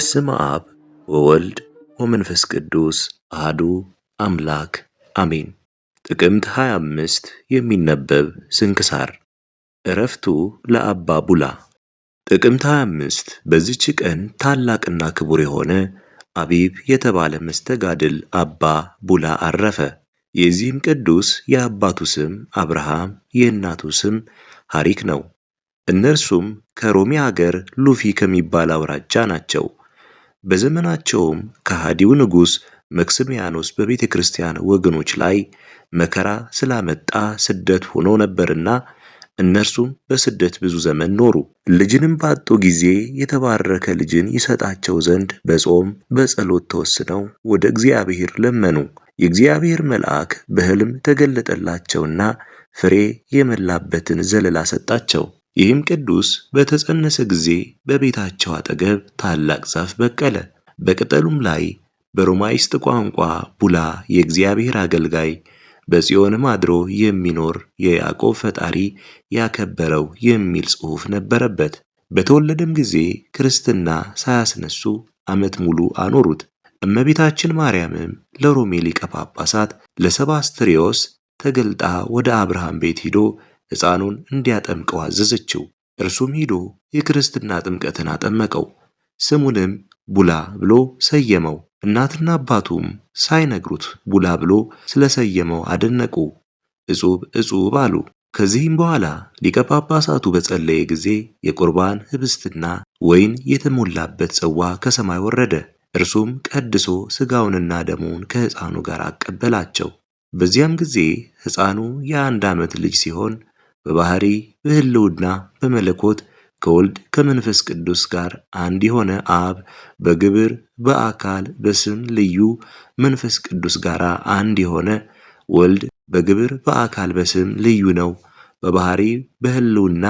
በስም አብ ወወልድ ወመንፈስ ቅዱስ አህዱ አምላክ አሜን። ጥቅምት 25 የሚነበብ ስንክሳር። እረፍቱ ለአባ ቡላ። ጥቅምት 25 በዚች ቀን ታላቅና ክቡር የሆነ አቢብ የተባለ መስተጋድል አባ ቡላ አረፈ። የዚህም ቅዱስ የአባቱ ስም አብርሃም የእናቱ ስም ሐሪክ ነው። እነርሱም ከሮሚ አገር ሉፊ ከሚባል አውራጃ ናቸው። በዘመናቸውም ከሃዲው ንጉሥ መክስሚያኖስ በቤተ ክርስቲያን ወገኖች ላይ መከራ ስላመጣ ስደት ሆኖ ነበርና እነርሱም በስደት ብዙ ዘመን ኖሩ። ልጅንም ባጡ ጊዜ የተባረከ ልጅን ይሰጣቸው ዘንድ በጾም በጸሎት ተወስነው ወደ እግዚአብሔር ለመኑ። የእግዚአብሔር መልአክ በሕልም ተገለጠላቸውና ፍሬ የሞላበትን ዘለላ ሰጣቸው። ይህም ቅዱስ በተጸነሰ ጊዜ በቤታቸው አጠገብ ታላቅ ዛፍ በቀለ። በቅጠሉም ላይ በሮማይስጥ ቋንቋ ቡላ የእግዚአብሔር አገልጋይ በጽዮንም አድሮ የሚኖር የያዕቆብ ፈጣሪ ያከበረው የሚል ጽሑፍ ነበረበት። በተወለደም ጊዜ ክርስትና ሳያስነሱ ዓመት ሙሉ አኖሩት። እመቤታችን ማርያምም ለሮሜ ሊቀ ጳጳሳት ለሰባስትሪዮስ ተገልጣ ወደ አብርሃም ቤት ሂዶ ሕፃኑን እንዲያጠምቀው አዘዘችው። እርሱም ሂዶ የክርስትና ጥምቀትን አጠመቀው። ስሙንም ቡላ ብሎ ሰየመው። እናትና አባቱም ሳይነግሩት ቡላ ብሎ ስለሰየመው አደነቁ። እጹብ እጹብ አሉ። ከዚህም በኋላ ሊቀ ጳጳሳቱ በጸለየ ጊዜ የቁርባን ህብስትና ወይን የተሞላበት ጽዋ ከሰማይ ወረደ። እርሱም ቀድሶ ሥጋውንና ደሙን ከሕፃኑ ጋር አቀበላቸው። በዚያም ጊዜ ሕፃኑ የአንድ ዓመት ልጅ ሲሆን በባህሪ በህልውና በመለኮት ከወልድ ከመንፈስ ቅዱስ ጋር አንድ የሆነ አብ በግብር በአካል በስም ልዩ መንፈስ ቅዱስ ጋር አንድ የሆነ ወልድ በግብር በአካል በስም ልዩ ነው። በባህሪ በህልውና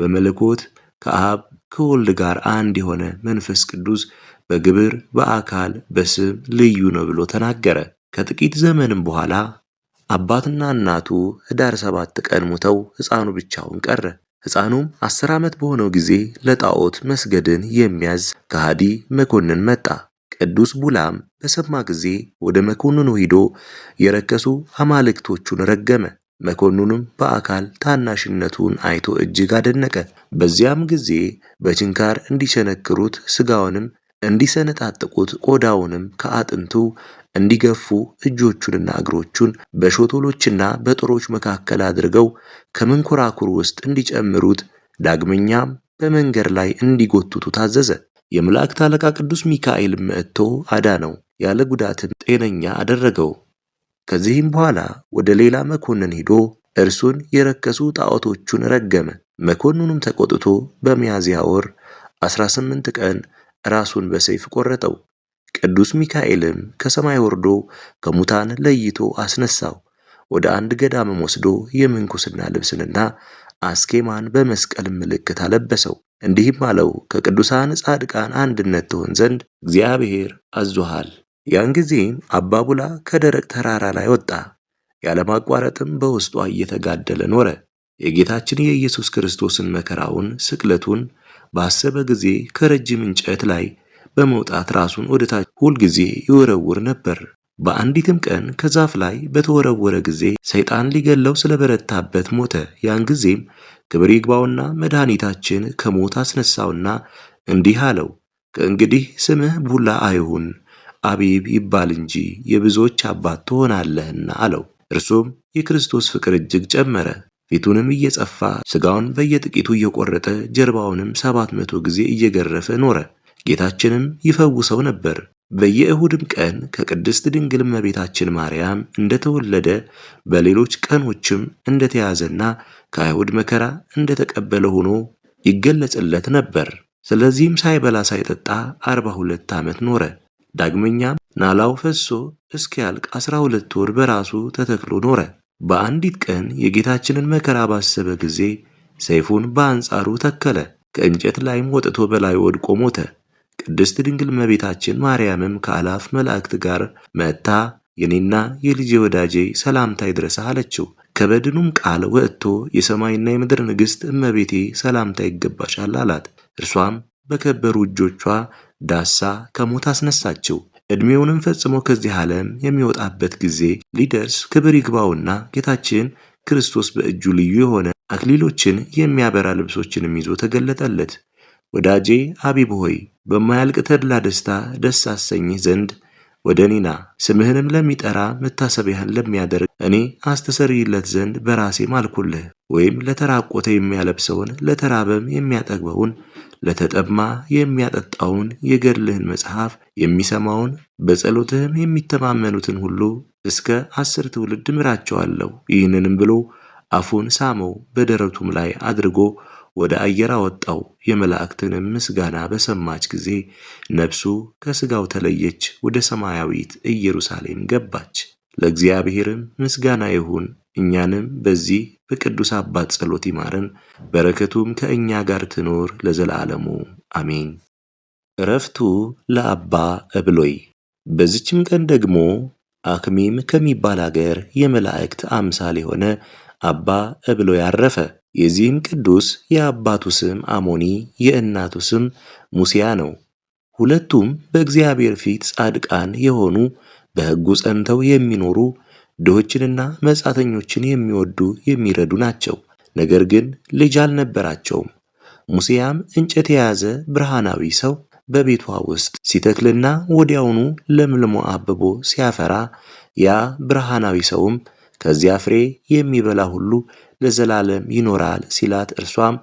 በመለኮት ከአብ ከወልድ ጋር አንድ የሆነ መንፈስ ቅዱስ በግብር በአካል በስም ልዩ ነው ብሎ ተናገረ። ከጥቂት ዘመንም በኋላ አባቱና እናቱ ህዳር ሰባት ቀን ሙተው ሕፃኑ ብቻውን ቀረ። ሕፃኑም አስር ዓመት በሆነው ጊዜ ለጣዖት መስገድን የሚያዝ ከሃዲ መኮንን መጣ። ቅዱስ ቡላም በሰማ ጊዜ ወደ መኮንኑ ሂዶ የረከሱ አማልክቶቹን ረገመ። መኮንኑም በአካል ታናሽነቱን አይቶ እጅግ አደነቀ። በዚያም ጊዜ በችንካር እንዲቸነክሩት ሥጋውንም እንዲሰነጣጥቁት ቆዳውንም ከአጥንቱ እንዲገፉ እጆቹንና እግሮቹን በሾቶሎችና በጦሮች መካከል አድርገው ከመንኮራኩር ውስጥ እንዲጨምሩት ዳግመኛም በመንገድ ላይ እንዲጎትቱ ታዘዘ። የመላእክት አለቃ ቅዱስ ሚካኤል መጥቶ አዳነው፣ ያለ ጉዳትም ጤነኛ አደረገው። ከዚህም በኋላ ወደ ሌላ መኮንን ሄዶ እርሱን የረከሱ ጣዖቶቹን ረገመ። መኮንኑም ተቆጥቶ በሚያዝያ ወር 18 ቀን ራሱን በሰይፍ ቆረጠው። ቅዱስ ሚካኤልም ከሰማይ ወርዶ ከሙታን ለይቶ አስነሳው ወደ አንድ ገዳምም ወስዶ የምንኩስና ልብስንና አስኬማን በመስቀል ምልክት አለበሰው። እንዲህም አለው፣ ከቅዱሳን ጻድቃን አንድነት ትሆን ዘንድ እግዚአብሔር አዞሃል። ያን ጊዜም አባቡላ ከደረቅ ተራራ ላይ ወጣ፣ ያለማቋረጥም በውስጧ እየተጋደለ ኖረ። የጌታችን የኢየሱስ ክርስቶስን መከራውን፣ ስቅለቱን ባሰበ ጊዜ ከረጅም እንጨት ላይ በመውጣት ራሱን ወደ ታች ሁልጊዜ ይወረውር ነበር። በአንዲትም ቀን ከዛፍ ላይ በተወረወረ ጊዜ ሰይጣን ሊገለው ስለበረታበት ሞተ። ያን ጊዜም ክብር ይግባውና መድኃኒታችን ከሞት አስነሳውና እንዲህ አለው፣ ከእንግዲህ ስምህ ቡላ አይሁን አቢብ ይባል እንጂ የብዙዎች አባት ትሆናለህና አለው። እርሱም የክርስቶስ ፍቅር እጅግ ጨመረ። ፊቱንም እየጸፋ ሥጋውን በየጥቂቱ እየቆረጠ ጀርባውንም ሰባት መቶ ጊዜ እየገረፈ ኖረ። ጌታችንም ይፈውሰው ነበር። በየእሁድም ቀን ከቅድስት ድንግል እመቤታችን ማርያም እንደተወለደ በሌሎች ቀኖችም እንደተያዘና ከአይሁድ መከራ እንደተቀበለ ሆኖ ይገለጽለት ነበር። ስለዚህም ሳይበላ ሳይጠጣ አርባ ሁለት ዓመት ኖረ። ዳግመኛም ናላው ፈሶ እስኪያልቅ አስራ ሁለት ወር በራሱ ተተክሎ ኖረ። በአንዲት ቀን የጌታችንን መከራ ባሰበ ጊዜ ሰይፉን በአንጻሩ ተከለ። ከእንጨት ላይም ወጥቶ በላዩ ወድቆ ሞተ። ቅድስት ድንግል እመቤታችን ማርያምም ከአላፍ መላእክት ጋር መጥታ የኔና የልጄ ወዳጄ ሰላምታ ይድረስህ አለችው። ከበድኑም ቃል ወጥቶ የሰማይና የምድር ንግሥት እመቤቴ ሰላምታ ይገባሻል አላት። እርሷም በከበሩ እጆቿ ዳሳ ከሞት አስነሳችው። ዕድሜውንም ፈጽሞ ከዚህ ዓለም የሚወጣበት ጊዜ ሊደርስ ክብር ይግባውና ጌታችን ክርስቶስ በእጁ ልዩ የሆነ አክሊሎችን የሚያበራ ልብሶችንም ይዞ ተገለጠለት። ወዳጄ አቢብ ሆይ በማያልቅ ተድላ ደስታ ደስ አሰኝህ ዘንድ ወደ እኔና ስምህንም ለሚጠራ መታሰቢያህን ለሚያደርግ እኔ አስተሰርይለት ዘንድ በራሴ ማልኩልህ። ወይም ለተራቆተ የሚያለብሰውን ለተራበም የሚያጠግበውን ለተጠማ የሚያጠጣውን የገድልህን መጽሐፍ የሚሰማውን በጸሎትህም የሚተማመኑትን ሁሉ እስከ አስር ትውልድ ምራቸዋለሁ። ይህንንም ብሎ አፉን ሳመው፣ በደረቱም ላይ አድርጎ ወደ አየር አወጣው። የመላእክትንም ምስጋና በሰማች ጊዜ ነፍሱ ከሥጋው ተለየች፣ ወደ ሰማያዊት ኢየሩሳሌም ገባች። ለእግዚአብሔርም ምስጋና ይሁን፣ እኛንም በዚህ በቅዱስ አባት ጸሎት ይማረን፣ በረከቱም ከእኛ ጋር ትኖር ለዘላለሙ አሜን። እረፍቱ ለአባ እብሎይ። በዚችም ቀን ደግሞ አክሚም ከሚባል አገር የመላእክት አምሳል የሆነ አባ እብሎይ አረፈ። የዚህም ቅዱስ የአባቱ ስም አሞኒ የእናቱ ስም ሙሲያ ነው። ሁለቱም በእግዚአብሔር ፊት ጻድቃን የሆኑ በሕጉ ጸንተው የሚኖሩ ድሆችንና መጻተኞችን የሚወዱ የሚረዱ ናቸው። ነገር ግን ልጅ አልነበራቸውም። ሙሴያም እንጨት የያዘ ብርሃናዊ ሰው በቤቷ ውስጥ ሲተክልና ወዲያውኑ ለምልሞ አብቦ ሲያፈራ ያ ብርሃናዊ ሰውም ከዚያ ፍሬ የሚበላ ሁሉ ለዘላለም ይኖራል ሲላት እርሷም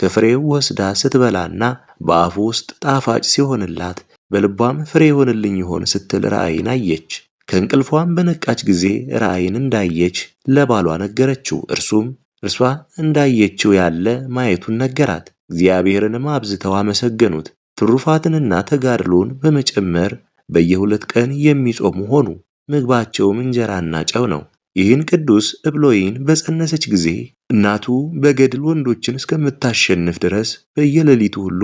ከፍሬው ወስዳ ስትበላና በአፉ ውስጥ ጣፋጭ ሲሆንላት በልቧም ፍሬ ይሆንልኝ ይሆን ስትል ራእይን አየች። ከእንቅልፏም በነቃች ጊዜ ራእይን እንዳየች ለባሏ ነገረችው። እርሱም እርሷ እንዳየችው ያለ ማየቱን ነገራት። እግዚአብሔርንም አብዝተው አመሰገኑት። ትሩፋትንና ተጋድሎን በመጨመር በየሁለት ቀን የሚጾሙ ሆኑ። ምግባቸውም እንጀራና ጨው ነው። ይህን ቅዱስ እብሎይን በጸነሰች ጊዜ እናቱ በገድል ወንዶችን እስከምታሸንፍ ድረስ በየሌሊቱ ሁሉ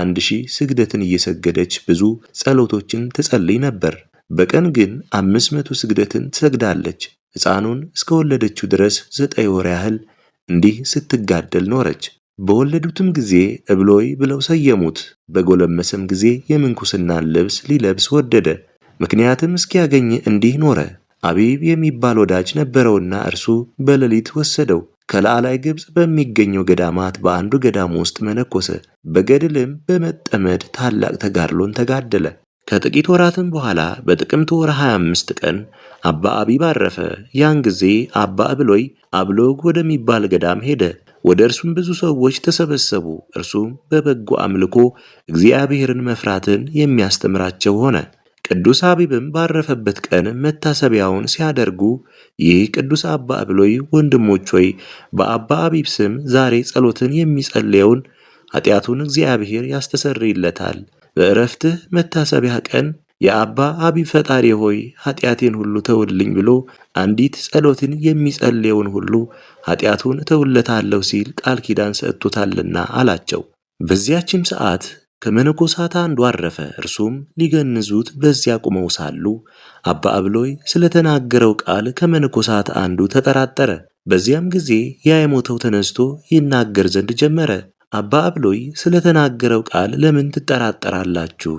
አንድ ሺህ ስግደትን እየሰገደች ብዙ ጸሎቶችን ትጸልይ ነበር። በቀን ግን አምስት መቶ ስግደትን ትሰግዳለች። ሕፃኑን እስከወለደችው ድረስ ዘጠኝ ወር ያህል እንዲህ ስትጋደል ኖረች። በወለዱትም ጊዜ እብሎይ ብለው ሰየሙት። በጎለመሰም ጊዜ የምንኩስናን ልብስ ሊለብስ ወደደ። ምክንያትም እስኪያገኝ እንዲህ ኖረ። አቢብ የሚባል ወዳጅ ነበረውና እርሱ በሌሊት ወሰደው። ከላዕላይ ግብፅ በሚገኘው ገዳማት በአንዱ ገዳም ውስጥ መነኮሰ። በገድልም በመጠመድ ታላቅ ተጋድሎን ተጋደለ። ከጥቂት ወራትም በኋላ በጥቅምት ወር 25 ቀን አባ አቢብ አረፈ። ያን ጊዜ አባ እብሎይ አብሎግ ወደሚባል ገዳም ሄደ። ወደ እርሱም ብዙ ሰዎች ተሰበሰቡ። እርሱም በበጎ አምልኮ እግዚአብሔርን መፍራትን የሚያስተምራቸው ሆነ። ቅዱስ አቢብም ባረፈበት ቀን መታሰቢያውን ሲያደርጉ ይህ ቅዱስ አባ አብሎይ ወንድሞች ሆይ በአባ አቢብ ስም ዛሬ ጸሎትን የሚጸልየውን ኃጢአቱን እግዚአብሔር ያስተሰርይለታል። በእረፍትህ መታሰቢያ ቀን የአባ አቢብ ፈጣሪ ሆይ ኃጢአቴን ሁሉ ተውልኝ ብሎ አንዲት ጸሎትን የሚጸልየውን ሁሉ ኃጢአቱን ተውለታለሁ ሲል ቃል ኪዳን ሰጥቶታልና አላቸው። በዚያችም ሰዓት ከመነኮሳት አንዱ አረፈ እርሱም ሊገንዙት በዚያ ቆመው ሳሉ አባ አብሎይ ስለተናገረው ቃል ከመነኮሳት አንዱ ተጠራጠረ። በዚያም ጊዜ ያ የሞተው ተነስቶ ይናገር ዘንድ ጀመረ። አባ አብሎይ ስለተናገረው ቃል ለምን ትጠራጠራላችሁ?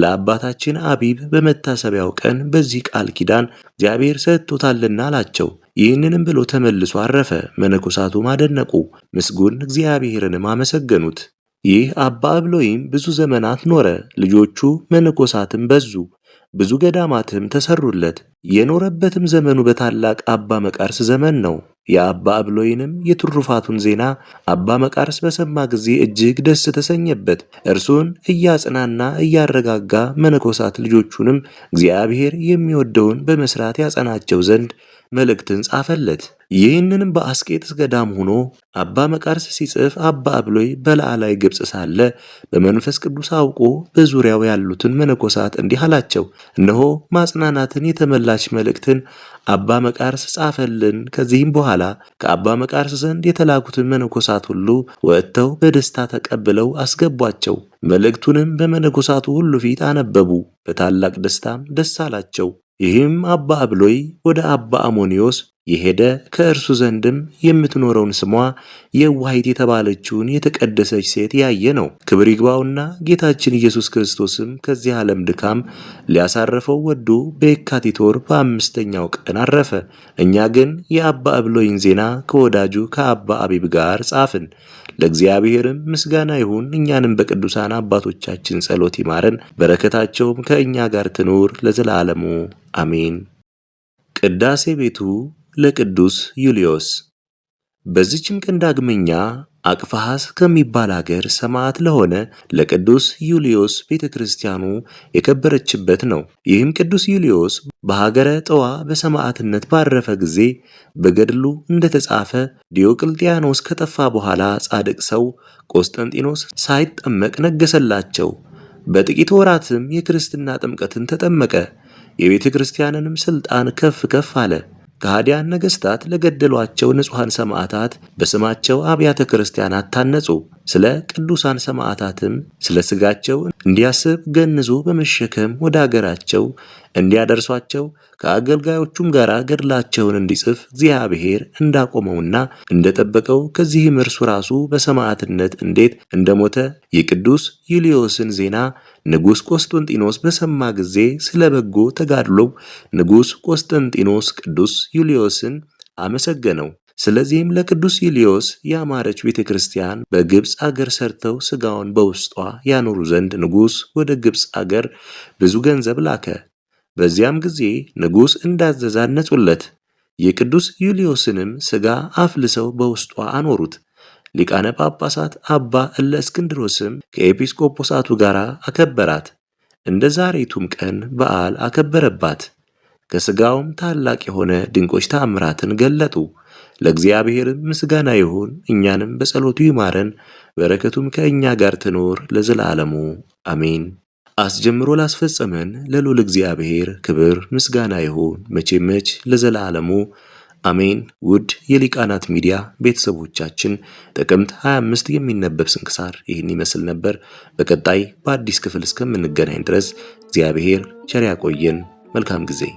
ለአባታችን አቢብ በመታሰቢያው ቀን በዚህ ቃል ኪዳን እግዚአብሔር ሰጥቶታልና አላቸው። ይህንንም ብሎ ተመልሶ አረፈ መነኮሳቱም አደነቁ፣ ምስጉን እግዚአብሔርንም አመሰገኑት። ይህ አባ አብሎይም ብዙ ዘመናት ኖረ። ልጆቹ መነኮሳትም በዙ፣ ብዙ ገዳማትም ተሰሩለት። የኖረበትም ዘመኑ በታላቅ አባ መቃርስ ዘመን ነው። የአባ አብሎይንም የትሩፋቱን ዜና አባ መቃርስ በሰማ ጊዜ እጅግ ደስ ተሰኘበት። እርሱን እያጽናና እያረጋጋ መነኮሳት ልጆቹንም እግዚአብሔር የሚወደውን በመስራት ያጸናቸው ዘንድ መልእክትን ጻፈለት። ይህንንም በአስቄጥስ ገዳም ሆኖ አባ መቃርስ ሲጽፍ አባ አብሎይ በላዕላይ ግብፅ ሳለ በመንፈስ ቅዱስ አውቆ በዙሪያው ያሉትን መነኮሳት እንዲህ አላቸው፣ እነሆ ማጽናናትን የተመላች መልእክትን አባ መቃርስ ጻፈልን። ከዚህም በኋላ ከአባ መቃርስ ዘንድ የተላኩትን መነኮሳት ሁሉ ወጥተው በደስታ ተቀብለው አስገቧቸው። መልእክቱንም በመነኮሳቱ ሁሉ ፊት አነበቡ። በታላቅ ደስታም ደስ አላቸው። ይህም አባ አብሎይ ወደ አባ አሞኒዮስ የሄደ ከእርሱ ዘንድም የምትኖረውን ስሟ የዋሂት የተባለችውን የተቀደሰች ሴት ያየ ነው። ክብር ይግባውና ጌታችን ኢየሱስ ክርስቶስም ከዚህ ዓለም ድካም ሊያሳረፈው ወዶ በየካቲት ወር በአምስተኛው ቀን አረፈ። እኛ ግን የአባ እብሎይን ዜና ከወዳጁ ከአባ አቢብ ጋር ጻፍን። ለእግዚአብሔርም ምስጋና ይሁን። እኛንም በቅዱሳን አባቶቻችን ጸሎት ይማረን፣ በረከታቸውም ከእኛ ጋር ትኑር ለዘላለሙ አሜን። ቅዳሴ ቤቱ ለቅዱስ ዩልዮስ። በዚችም ቀን ዳግመኛ አቅፋሃስ ከሚባል አገር ሰማዕት ለሆነ ለቅዱስ ዩልዮስ ቤተ ክርስቲያኑ የከበረችበት ነው። ይህም ቅዱስ ዩልዮስ በሀገረ ጠዋ በሰማዕትነት ባረፈ ጊዜ በገድሉ እንደተጻፈ ዲዮቅልጥያኖስ ከጠፋ በኋላ ጻድቅ ሰው ቆስጠንጢኖስ ሳይጠመቅ ነገሰላቸው። በጥቂት ወራትም የክርስትና ጥምቀትን ተጠመቀ። የቤተ ክርስቲያንንም ሥልጣን ከፍ ከፍ አለ። ከሃዲያን ነገሥታት ለገደሏቸው ንጹሐን ሰማዕታት በስማቸው አብያተ ክርስቲያናት ታነጹ። ስለ ቅዱሳን ሰማዕታትም ስለ ስጋቸው እንዲያስብ ገንዞ በመሸከም ወደ አገራቸው እንዲያደርሷቸው ከአገልጋዮቹም ጋር ገድላቸውን እንዲጽፍ እግዚአብሔር እንዳቆመውና እንደጠበቀው ከዚህም እርሱ ራሱ በሰማዕትነት እንዴት እንደሞተ የቅዱስ ዩልዮስን ዜና ንጉሥ ቆስጠንጢኖስ በሰማ ጊዜ ስለ በጎ ተጋድሎው ንጉሥ ቆስጠንጢኖስ ቅዱስ ዩልዮስን አመሰገነው። ስለዚህም ለቅዱስ ኢልዮስ ያማረች ቤተ ክርስቲያን በግብፅ አገር ሰርተው ስጋውን በውስጧ ያኖሩ ዘንድ ንጉሥ ወደ ግብፅ አገር ብዙ ገንዘብ ላከ። በዚያም ጊዜ ንጉሥ እንዳዘዛ አነጹለት። የቅዱስ ዩልዮስንም ስጋ አፍልሰው በውስጧ አኖሩት። ሊቃነ ጳጳሳት አባ እለ ከኤጲስቆጶሳቱ ጋር አከበራት። እንደ ዛሬቱም ቀን በዓል አከበረባት። ከሥጋውም ታላቅ የሆነ ድንቆች ተአምራትን ገለጡ። ለእግዚአብሔርም ምስጋና ይሁን፣ እኛንም በጸሎቱ ይማረን፣ በረከቱም ከእኛ ጋር ትኖር ለዘላለሙ አሜን። አስጀምሮ ላስፈጸመን ለልዑል እግዚአብሔር ክብር ምስጋና ይሁን መቼ መች ለዘላለሙ አሜን። ውድ የሊቃናት ሚዲያ ቤተሰቦቻችን ጥቅምት 25 የሚነበብ ስንክሳር ይህን ይመስል ነበር። በቀጣይ በአዲስ ክፍል እስከምንገናኝ ድረስ እግዚአብሔር ቸር ያቆየን። መልካም ጊዜ